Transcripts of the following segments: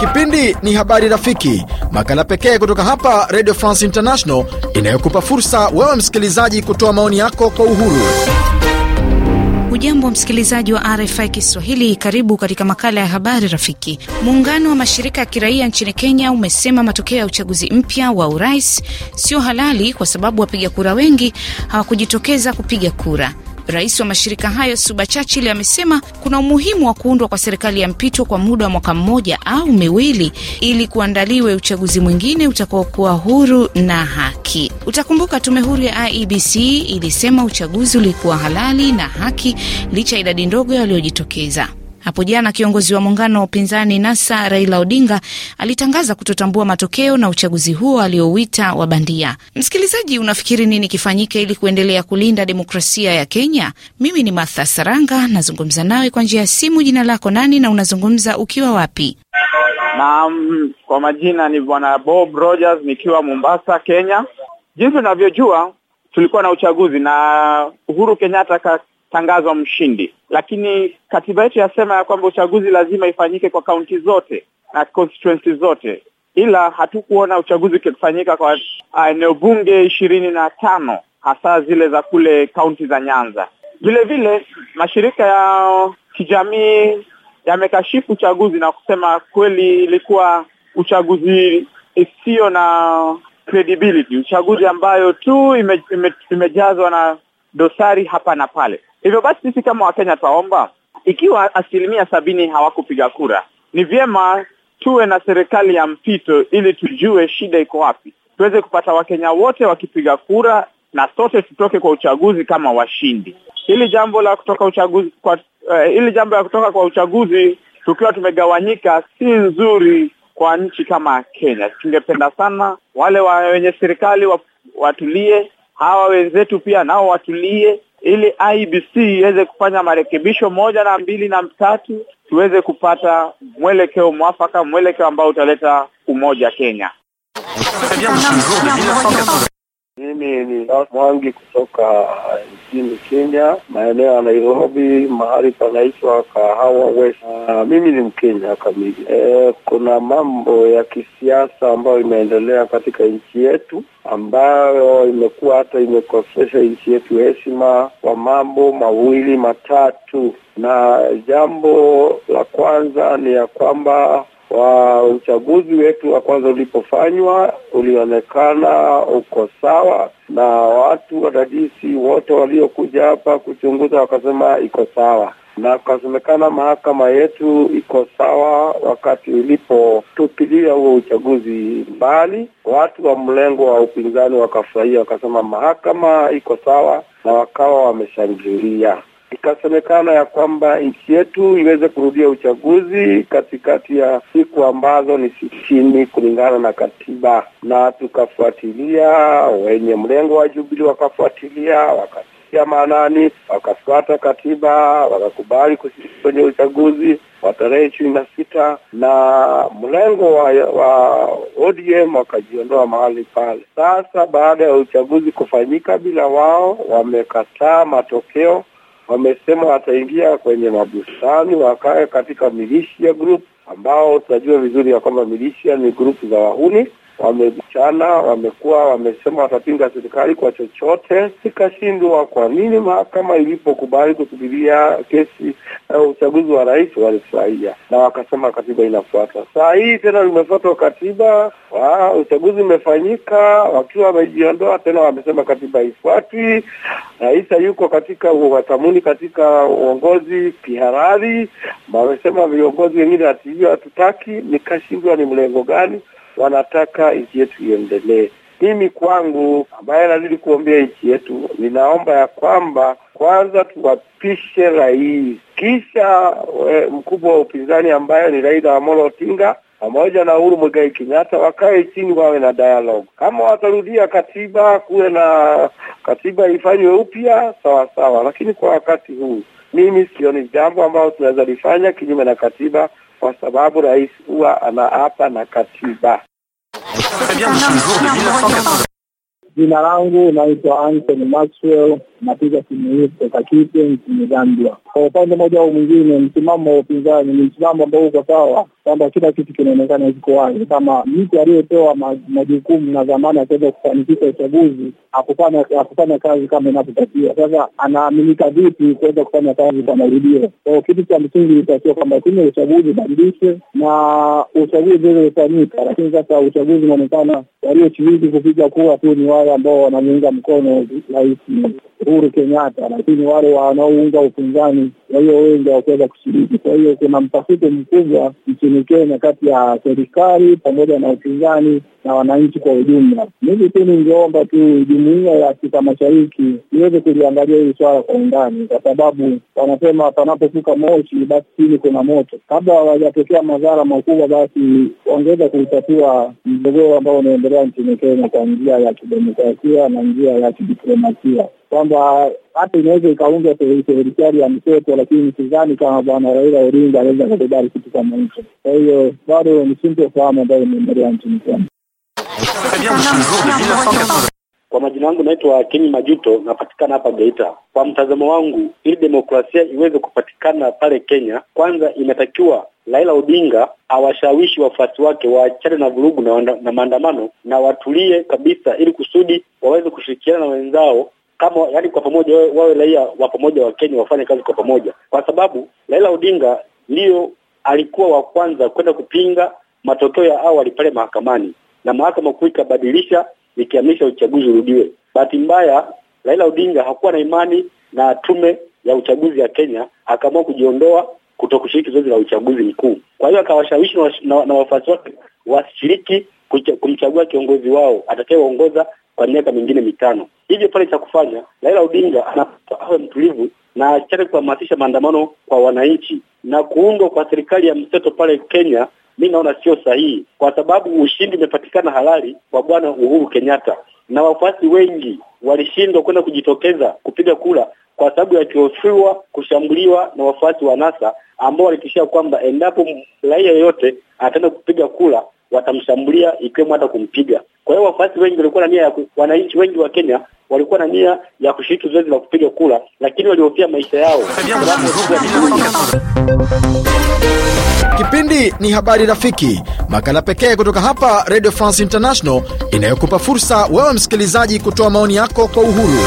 Kipindi ni Habari Rafiki, makala pekee kutoka hapa Radio France International inayokupa fursa wewe msikilizaji kutoa maoni yako kwa uhuru. Ujambo msikilizaji wa RFI Kiswahili, karibu katika makala ya habari rafiki. Muungano wa mashirika ya kiraia nchini Kenya umesema matokeo ya uchaguzi mpya wa urais sio halali kwa sababu wapiga kura wengi hawakujitokeza kupiga kura. Rais wa mashirika hayo Suba Churchill amesema kuna umuhimu wa kuundwa kwa serikali ya mpito kwa muda wa mwaka mmoja au miwili ili kuandaliwe uchaguzi mwingine utakaokuwa huru na haki. Utakumbuka tume huru ya IEBC ilisema uchaguzi ulikuwa halali na haki licha ya idadi ndogo waliojitokeza. Hapo jana kiongozi wa muungano wa upinzani NASA Raila Odinga alitangaza kutotambua matokeo na uchaguzi huo aliouita wa bandia. Msikilizaji, unafikiri nini kifanyike ili kuendelea kulinda demokrasia ya Kenya? Mimi ni Martha Saranga, nazungumza nawe kwa njia ya simu. Jina lako nani na unazungumza ukiwa wapi? Naam, kwa majina ni bwana Bob Rogers nikiwa Mombasa, Kenya. Jinsi unavyojua tulikuwa na uchaguzi na Uhuru Kenyatta tangazwa mshindi, lakini katiba yetu yasema ya kwamba uchaguzi lazima ifanyike kwa kaunti zote na constituency zote, ila hatukuona uchaguzi ukifanyika kwa ah, eneo bunge ishirini na tano hasa zile za kule kaunti za Nyanza. Vile vile mashirika ya kijamii yamekashifu uchaguzi na kusema kweli ilikuwa uchaguzi isiyo na credibility, uchaguzi ambayo tu ime, ime, imejazwa na dosari hapa na pale. Hivyo basi sisi kama Wakenya twaomba, ikiwa asilimia sabini hawakupiga kura, ni vyema tuwe na serikali ya mpito ili tujue shida iko wapi, tuweze kupata Wakenya wote wakipiga kura na sote tutoke kwa uchaguzi kama washindi. Hili jambo la kutoka uchaguzi kwa, uh, hili jambo la kutoka kwa uchaguzi tukiwa tumegawanyika si nzuri kwa nchi kama Kenya. Tungependa sana wale wa wenye serikali watulie, hawa wenzetu pia nao watulie, ili IBC iweze kufanya marekebisho moja na mbili na mtatu tuweze kupata mwelekeo mwafaka, mwelekeo ambao utaleta umoja Kenya. Mimi ni Mwangi kutoka nchini Kenya, maeneo ya Nairobi, mahali panaitwa Kahawa West. Uh, mimi ni Mkenya kamili. E, kuna mambo ya kisiasa ambayo imeendelea katika nchi yetu ambayo imekuwa hata imekosesha nchi yetu heshima kwa mambo mawili matatu, na jambo la kwanza ni ya kwamba wa uchaguzi wetu wa kwanza ulipofanywa ulionekana uko sawa, na watu wadadisi wote waliokuja hapa kuchunguza wakasema iko sawa, na ukasemekana mahakama yetu iko sawa wakati ilipotupilia huo uchaguzi mbali. Watu wa mlengo wa upinzani wakafurahia, wakasema mahakama iko sawa, na wakawa wameshangilia ikasemekana ya kwamba nchi yetu iweze kurudia uchaguzi katikati ya siku ambazo ni sitini kulingana na katiba, na tukafuatilia, wenye mlengo wa jubili wakafuatilia wakati maanani wakafuata katiba wakakubali kushiriki kwenye uchaguzi wa tarehe ishirini na sita na mlengo wa, wa ODM wakajiondoa mahali pale. Sasa baada ya uchaguzi kufanyika bila wao, wamekataa matokeo wamesema wataingia kwenye mabustani, wakae katika milisia group, ambao tunajua vizuri ya kwamba milisia ni grupu za wahuni wamebichana, wamekuwa wamesema watapinga serikali kwa chochote. Sikashindwa kwa nini mahakama ilipokubali kusubiria kesi uh, uchaguzi wa rais walifurahia na wakasema katiba inafuatwa. Saa hii tena limefuatwa katiba, wa, uchaguzi umefanyika, wakiwa wamejiondoa tena wamesema katiba haifuatwi. Rais hayuko katika watamuni katika uongozi kiharari wamesema viongozi wengine hatujui hatutaki. Nikashindwa ni mlengo gani? wanataka nchi yetu iendelee. Mimi kwangu, ambaye anazidi kuombea nchi yetu, ninaomba ya kwamba kwanza tuwapishe rais, kisha we, mkubwa wa upinzani ambaye ni Raila Amolo Odinga pamoja na Uhuru Muigai Kenyatta wakae chini, wawe na dialogue. Kama watarudia katiba, kuwe na katiba ifanywe upya, sawa sawa, lakini kwa wakati huu mimi sioni jambo ambalo tunaweza lifanya kinyume na katiba kwa sababu rais huwa anaapa na katiba. Jina langu naitwa Anthony Maxwell, napiga simu hii kutoka Kitwe nchini Zambia. Kwa upande mmoja au mwingine, msimamo wa upinzani ni msimamo ambao uko sawa kwamba kila kitu kinaonekana kiko wazi, kama mtu aliyepewa majukumu na dhamana kuweza kufanikisha uchaguzi akufanya kazi kama inavyotakiwa. Sasa anaaminika vipi kuweza kufanya kazi kwa marudio? Kwao kitu cha msingi itakiwa kwamba tume ya uchaguzi ibadilishwe na uchaguzi uweze kufanyika, lakini sasa uchaguzi unaonekana walioshiriki kupiga kura tu ni wale ambao wanamuunga mkono Rais Uhuru Kenyatta, lakini wale wanaounga upinzani walio wengi hawakuweza kushiriki. Kwa hiyo kuna mpasuko mkubwa nchini Kenya kati ya serikali pamoja na upinzani na wananchi kwa ujumla. Mimi tu ningeomba tu jumuia ya Afrika Mashariki iweze kuliangalia hili swala kwa undani, kwa sababu wanasema panapofuka moshi basi chini kuna moto. Kabla hawajatokea madhara makubwa, basi wangeweza kuutatua mgogoro ambao unaendelea nchini Kenya kwa njia ya kidemokrasia na njia ya kidiplomasia kwamba hata inaweza ikaunga serikali ya mseto, lakini sidhani kama bwana Raila Odinga anaweza kukubali kitu kama hicho. Kwa hiyo bado ni sintofahamu ambayo imeendelea nchini Kenya. Kwa majina yangu naitwa Kenyi Majuto, napatikana hapa Geita. Kwa mtazamo wangu, ili demokrasia iweze kupatikana pale Kenya, kwanza inatakiwa Raila Odinga awashawishi wafuasi wake waachane na vurugu na, na maandamano na watulie kabisa, ili kusudi waweze kushirikiana na wenzao kama yani kwa pamoja wawe raia wa pamoja wa Kenya, wafanye kazi kwa pamoja, kwa sababu Raila Odinga ndiyo alikuwa wa kwanza kwenda kupinga matokeo ya awali pale mahakamani, na mahakama kuu ikabadilisha, ikiamisha uchaguzi urudiwe. Bahati mbaya, Raila Odinga hakuwa na imani na tume ya uchaguzi ya Kenya, akaamua kujiondoa kushiriki zoezi la uchaguzi mkuu. Kwa hiyo akawashawishi na, na, na wafuasi wake wasishiriki kumchagua kiongozi wao atakayeongoza kwa miaka mingine mitano. Hivyo pale cha kufanya Raila Odinga anapaswa awe mtulivu na achane kuhamasisha maandamano kwa wananchi, na kuundwa kwa serikali ya mseto pale Kenya mi naona sio sahihi, kwa sababu ushindi umepatikana halali kwa Bwana Uhuru Kenyatta, na wafuasi wengi walishindwa kwenda kujitokeza kupiga kura kwa sababu ya kuhofiwa kushambuliwa na wafuasi wa NASA ambao walitishia kwamba endapo raia yoyote ataenda kupiga kura watamshambulia ikiwemo hata kumpiga. Kwa hiyo wafuasi wengi walikuwa na nia ya wananchi wengi wa Kenya walikuwa na nia ya kushiriki zoezi la kupiga kura, lakini waliofia maisha yao. Kipindi ni habari rafiki, makala pekee kutoka hapa Radio France International inayokupa fursa wewe msikilizaji kutoa maoni yako kwa uhuru.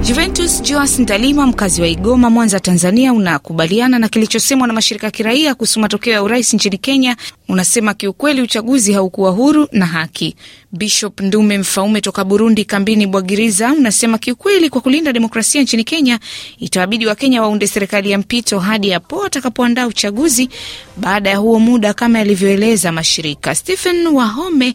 Juventus Joas Ndalima, mkazi wa Igoma, Mwanza, Tanzania, unakubaliana na kilichosemwa na mashirika ya kiraia kuhusu matokeo ya urais nchini Kenya unasema kiukweli uchaguzi haukuwa huru na haki. Bishop Ndume Mfaume toka Burundi, kambini Bwagiriza, unasema kiukweli, kwa kulinda demokrasia nchini Kenya itawabidi Wakenya waunde serikali ya mpito hadi hapo watakapoandaa uchaguzi, baada ya huo muda kama yalivyoeleza mashirika. Stephen Wahome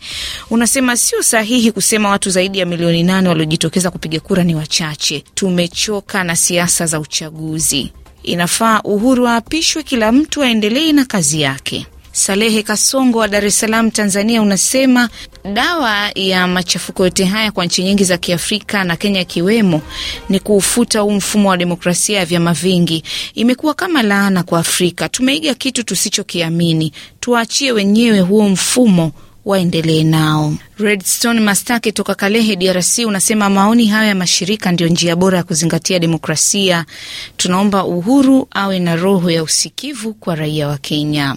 unasema sio sahihi kusema watu zaidi ya milioni nane waliojitokeza kupiga kura ni wachache. Tumechoka na siasa za uchaguzi. Inafaa Uhuru aapishwe, kila mtu aendelee na kazi yake. Salehe Kasongo wa Dar es Salaam, Tanzania, unasema dawa ya machafuko yote haya kwa nchi nyingi za Kiafrika na Kenya ikiwemo ni kuufuta huu mfumo wa demokrasia ya vyama vingi. Imekuwa kama laana kwa Afrika, tumeiga kitu tusichokiamini. Tuwaachie wenyewe huo mfumo waendelee nao. Redstone Mastake toka Kalehe, DRC, unasema maoni hayo ya mashirika ndiyo njia bora ya kuzingatia demokrasia. Tunaomba Uhuru awe na roho ya usikivu kwa raia wa Kenya.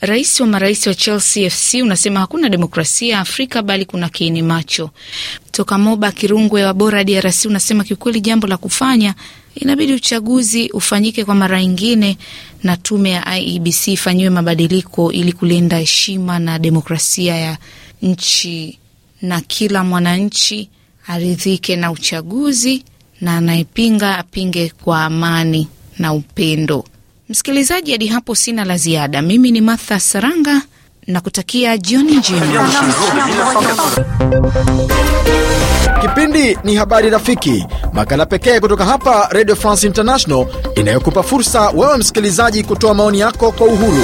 Rais wa marais wa Chelsea FC unasema hakuna demokrasia Afrika bali kuna kiini macho. Toka Moba Kirungwe wa Bora DRC unasema kiukweli, jambo la kufanya inabidi uchaguzi ufanyike kwa mara nyingine na tume ya IEBC ifanyiwe mabadiliko ili kulinda heshima na demokrasia ya nchi na kila mwananchi aridhike na uchaguzi na anayepinga apinge kwa amani na upendo. Msikilizaji, hadi hapo sina la ziada. Mimi ni Martha Saranga na kutakia jioni njema. Kipindi ni Habari Rafiki, makala pekee kutoka hapa Radio France International inayokupa fursa wewe msikilizaji kutoa maoni yako kwa uhuru.